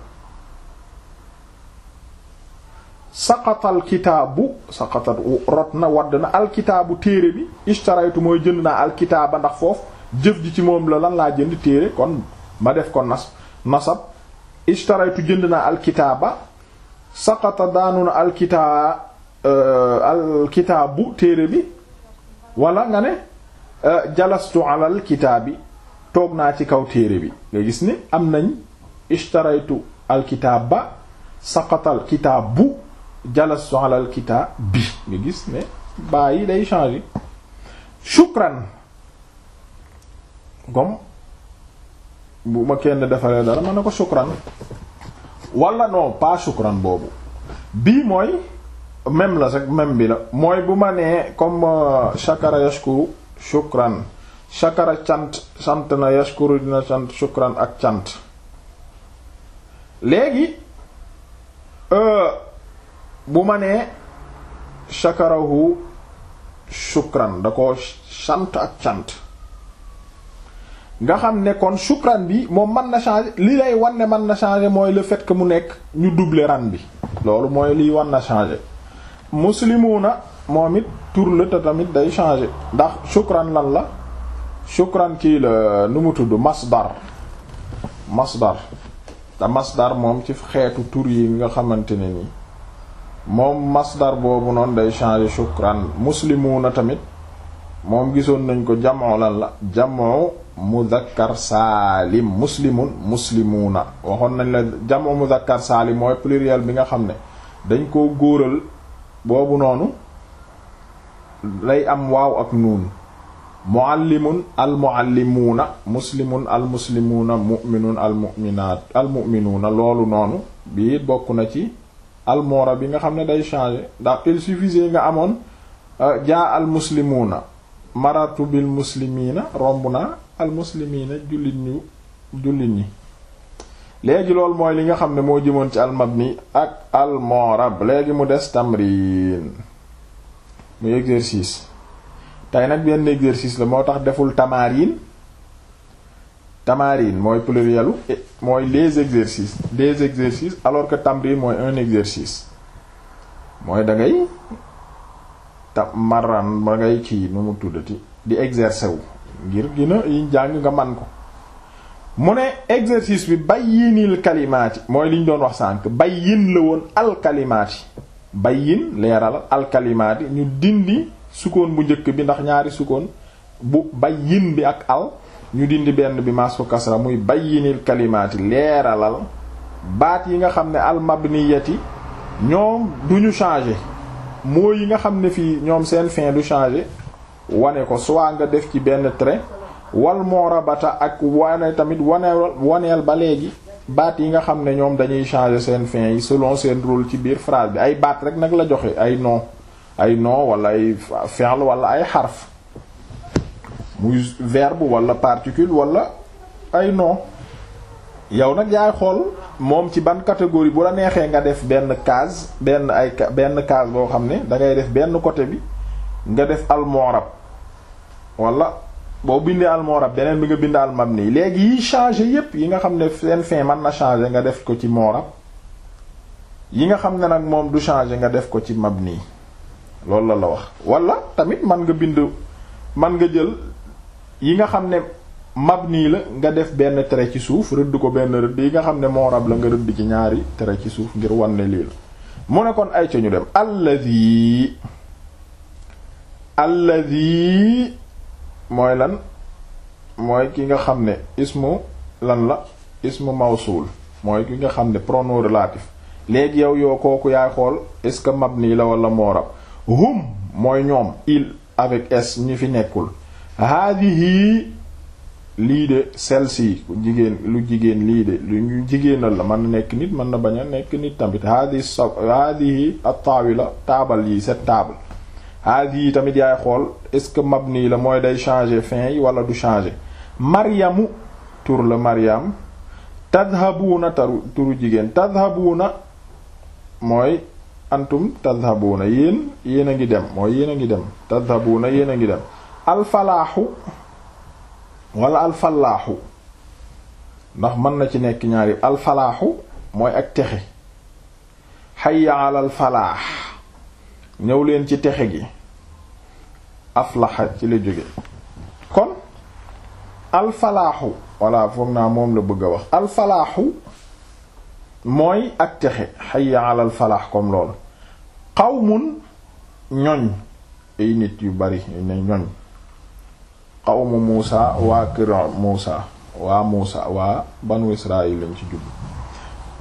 saqata alkitaabu saqatat rot na wadd na alkitaabu téere bi ishtaraytu mooy jënd naa alkitaaba ndax foofu jëf ji ci moom la lan laa jënd téere kon ma def ko nas nasab ishtaraytu jënd naa alkitaaba saqata daanu na alkitaa euh, alkitaabu téere bi wala nga ne euh, jalastu ala alkitaabi toog naa ci kaw téere bi nga gis ni am nañ ishtaraytu alkitaaba saqata alkitaabu jalastu ala al bi nga gis ne baa yi day changer shukran comme bu ma kenn defalee dara mën na ko shukran walla noo pas shukran boobu bii mooy même la rek même bi la mooy bu ma nee comme euh, shakara yashkuru shukran shakara cant sant na yashkuru dina sant shukran ak cant léegi euh, bu ma nee shakarahu shukran da ko sant ak cant nga xam ne kon shukran bi moom man na changer li lay wan ne mën na changer mooy le fait que mu nekk ñu doubler ran bi loolu mooy liy wan na changer na moom it tur la te tamit day changer ndax shukran lan la shukran kii la nu mu tudd masdar masdar te masdar moom ci xeetu tur yi nga xamante ne nii moom masdar boobu noonu day changer shukran muslimuuna tamit moom gisoon nañ ko jamoo lan la jamoo muzakkar saalim muslimun muslimuuna waxoon nañ la jamoo muzakkar saalim mooy pluriel bi nga xam ne dañ koo góoral boobu noonu day am waaw ak nuun muallimun al muallimuuna muslimun al muslimuuna mu'minun al mu'minaat al mu'minuuna loolu noonu bii bokk na ci almoora bi nga xam ne day changer ndax il suffisait nga amoon euh, jaa al muslimuuna maratu bil muslimiina romb naa al muslimiina jullit ni jullit ñi léegi loolu mooy li nga xam ne moo jëmoon ci al mabni ak al mu'rab léegi mu des tamrin muy exercice tey nag benn exercice la moo tax deful tamarin tamarin mooy plurielu mooy les exercices des exercices alors que tamrin mooy un exercice mooy dangay ngay ta maran ba ngay kii nu mu tuddati di exercer wu ngir gën a yiñ jàng nga man ko mu ne exercice bi bayyinil kalimaati mooy li ñu doon wax sànk bayyin la woon alkalimaati bayyin leeralal alkalimaati ñu dindi sukkoon bu njëkk bi ndax ñaari sukkoon bu yin bi ak al ñu dindi benn bi mas ko kasra muy bay bayyinil kalimaati leeralal baat yi nga xam ne almabniyati ñoom du ñu changer moo yi nga xam ne fii ñoom seen fin du changer wane ko suwaa nga def ci benn trait wal morabata ak wane tamit waneel waneel ba léegi baat yi nga xam ne ñoom dañuy changer seen fin yi selon seen rôle ci biir phrase bi ay baat rek nag la joxe ay nom ay nom wala ay fi'l wala ay xarf muy verbe wala particule wala ay no yow nag yaay xool moom ci ban catégorie bu la neexee nga def benn case benn ay benn kaas boo xam ne da ngay def benn côté bi nga def almorab wala boo bindee almorab beneen bi nga bind almabni léegi yi changer yépp yi nga xam ne seen fin man na changer nga def ko ci morab yi nga xam ne nag moom du changer nga def ko ci mab mabni loolu la la wax wala tamit man nga bind man nga jël yi nga xam ne mab mabni la nga def benn trait ci suuf rëdd ko benn rëdd yi nga xam ne moo rab la nga rëdd ci ñaari trait ci suuf ngir wan lii la mu ne kon ay ca ñu dem allazi allazi mooy lan mooy ki nga xam ne ismu lan la ismu mawsul mooy ki nga xam ne pronom relatif léegi yow yoo kooku yaay xool est-ce que mabni la wala moorab hum mooy ñoom il avec s ñi fi nekkul haadihi lii de celle-ci jigéen lu jigéen lii de lu ñu jigéenal la mën nekk nit mën na bañ a nekk nit tamit haadihi sa haadihi at-taawila taabal yi cette table haadihi tamit yaay xool est-ce que nii la mooy day changer fin yi wala du changer maryamu tur la maryam tadhabuuna taru turu jigéen tadhabuuna mooy antum tadhabuuna yéen yéen a ngi dem mooy yéen a ngi dem tadhabuuna yéen a ngi dem alfalaaxu wala alfalaaxu ndax mën na ci nekk ñaari alfalaaxu mooy ak texe xayya alal falaax ñëw leen ci texe gi aflaxa ci la jóge kon alfalaaxu walla foog naa moom la bëgg a wax alfalaaxu mooy ak texe xayya alal falaax comme loolu qawmun ñoñ ay nit yu bari ne ñoñ qawmu Muusa waa kër Muusa waa Muusa waa banu Israil lañ ci jublu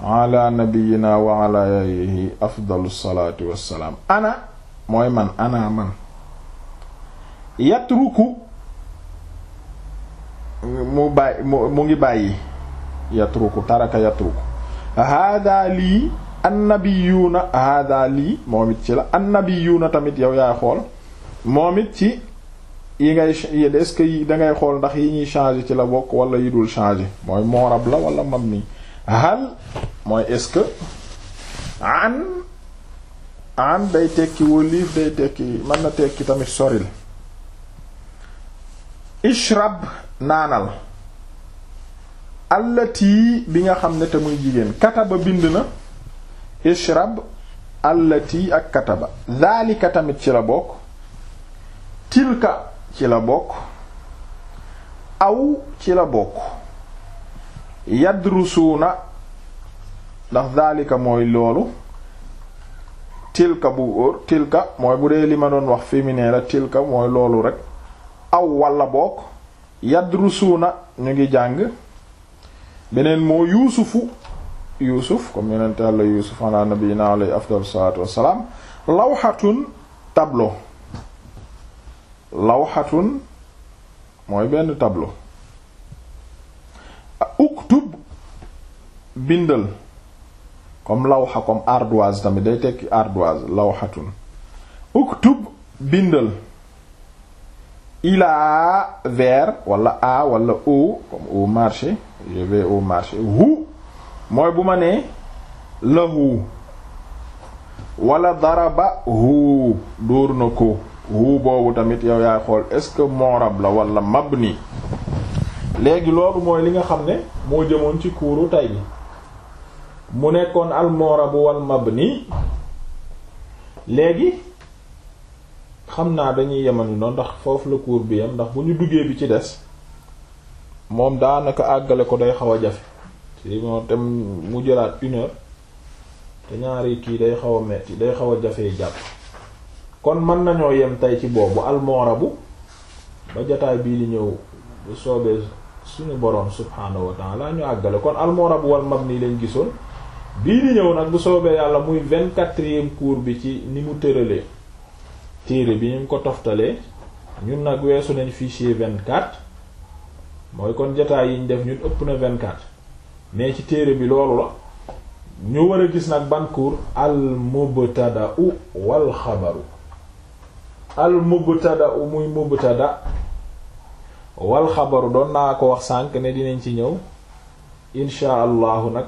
ala nabiyyina wa ala alihi afdalu salaati wassalaam ana mooy man ana man yatruku mu bàyyi mu ngi bàyyi yatruku taraka yatruku hada lii annabiyuuna hada lii moom it ci la annabiyuuna tamit yow yaay xool moom it ci yi ngay est-ce que dangay xool ndax yi ñuy changer ci la bokk wala yi dul changer mooy moorab la wala mabni hal mooy est-ce que an an day tekki waliif day tekki mën na tekki tamit soril ishrab naanal allati bi nga xam net te muy jigéen kataba bind na ishrab allati ak kataba zalika tamit ci la bokk ci la bokk aw ci la bokk yadrusuuna ndax daalika mooy loolu tilka bu óor tilka mooy bu dee li ma doon wax féminin tilka mooy loolu rek aw walla bokk yadrusuuna ñu ngi jàng beneen moo yuusufu yuusuf comme yonente Yàlla yuusuf ala nabiyina alayhi afdalu salaatu wassalaam lawhatun tableau lawxatun mooy benn tableau uktub bindal comme lawxa comme ardoise tamit day tekki ardoise lawxatun uktub bindal ilaa vers wala a wala o comme au marché je marché hu mooy bu ma nee lahu wala daraba hu dóor na ko wu boobu tamit yow yaay xool est-ce que morab la wala mabni léegi loolu mooy li nga xam ne moo jëmoon ci kuuru tay bi mu nekkoon al morabu wal mabni léegi xam naa dañuy yeman noonu ndax foofu la kuur bi yam ndax bu ñu duggee bi ci des moom daanaka àggale ko day xaw a jafe ci moom mu jëlaat une te ñaari kii day xaw a metti day xaw a jafee jàpp kon mën nañoo yem tey ci boobu almoorabu ba jotaay bii di ñëw bu soobee suñu boroom subhaanahu wa ta'ala ñu àggale kon almoorabu wal mabni lañ gisoon bii di ñëw nag bu soobee yàlla muy vingt-quatrième cours bi ci ni mu tëralee téere bi ñu ko toftalee ñun nag weesu nañ fichier vingt-quatre mooy kon jotaay yi ñu def ñun ëpp na vingt-quatre mais ci téere bi loolu la ñu war a gis nag bankuur cours al mubtada'u al mubtada u muy mubtada wal xabaru doon naa ko wax sànq ne dinañ ci ñëw insha allahu nag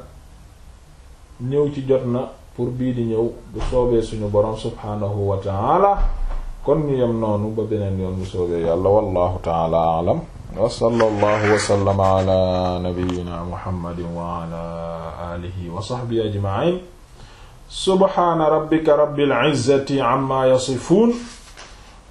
ñëw ci jot na pour bii di ñëw bu soobee suñu borom subhaanahu wa kon ñu yem noonu ba beneen yoon bu soobee yàlla wallahu taala alam wa sallallahu wa sallama ala nabiyyina muhammadin wa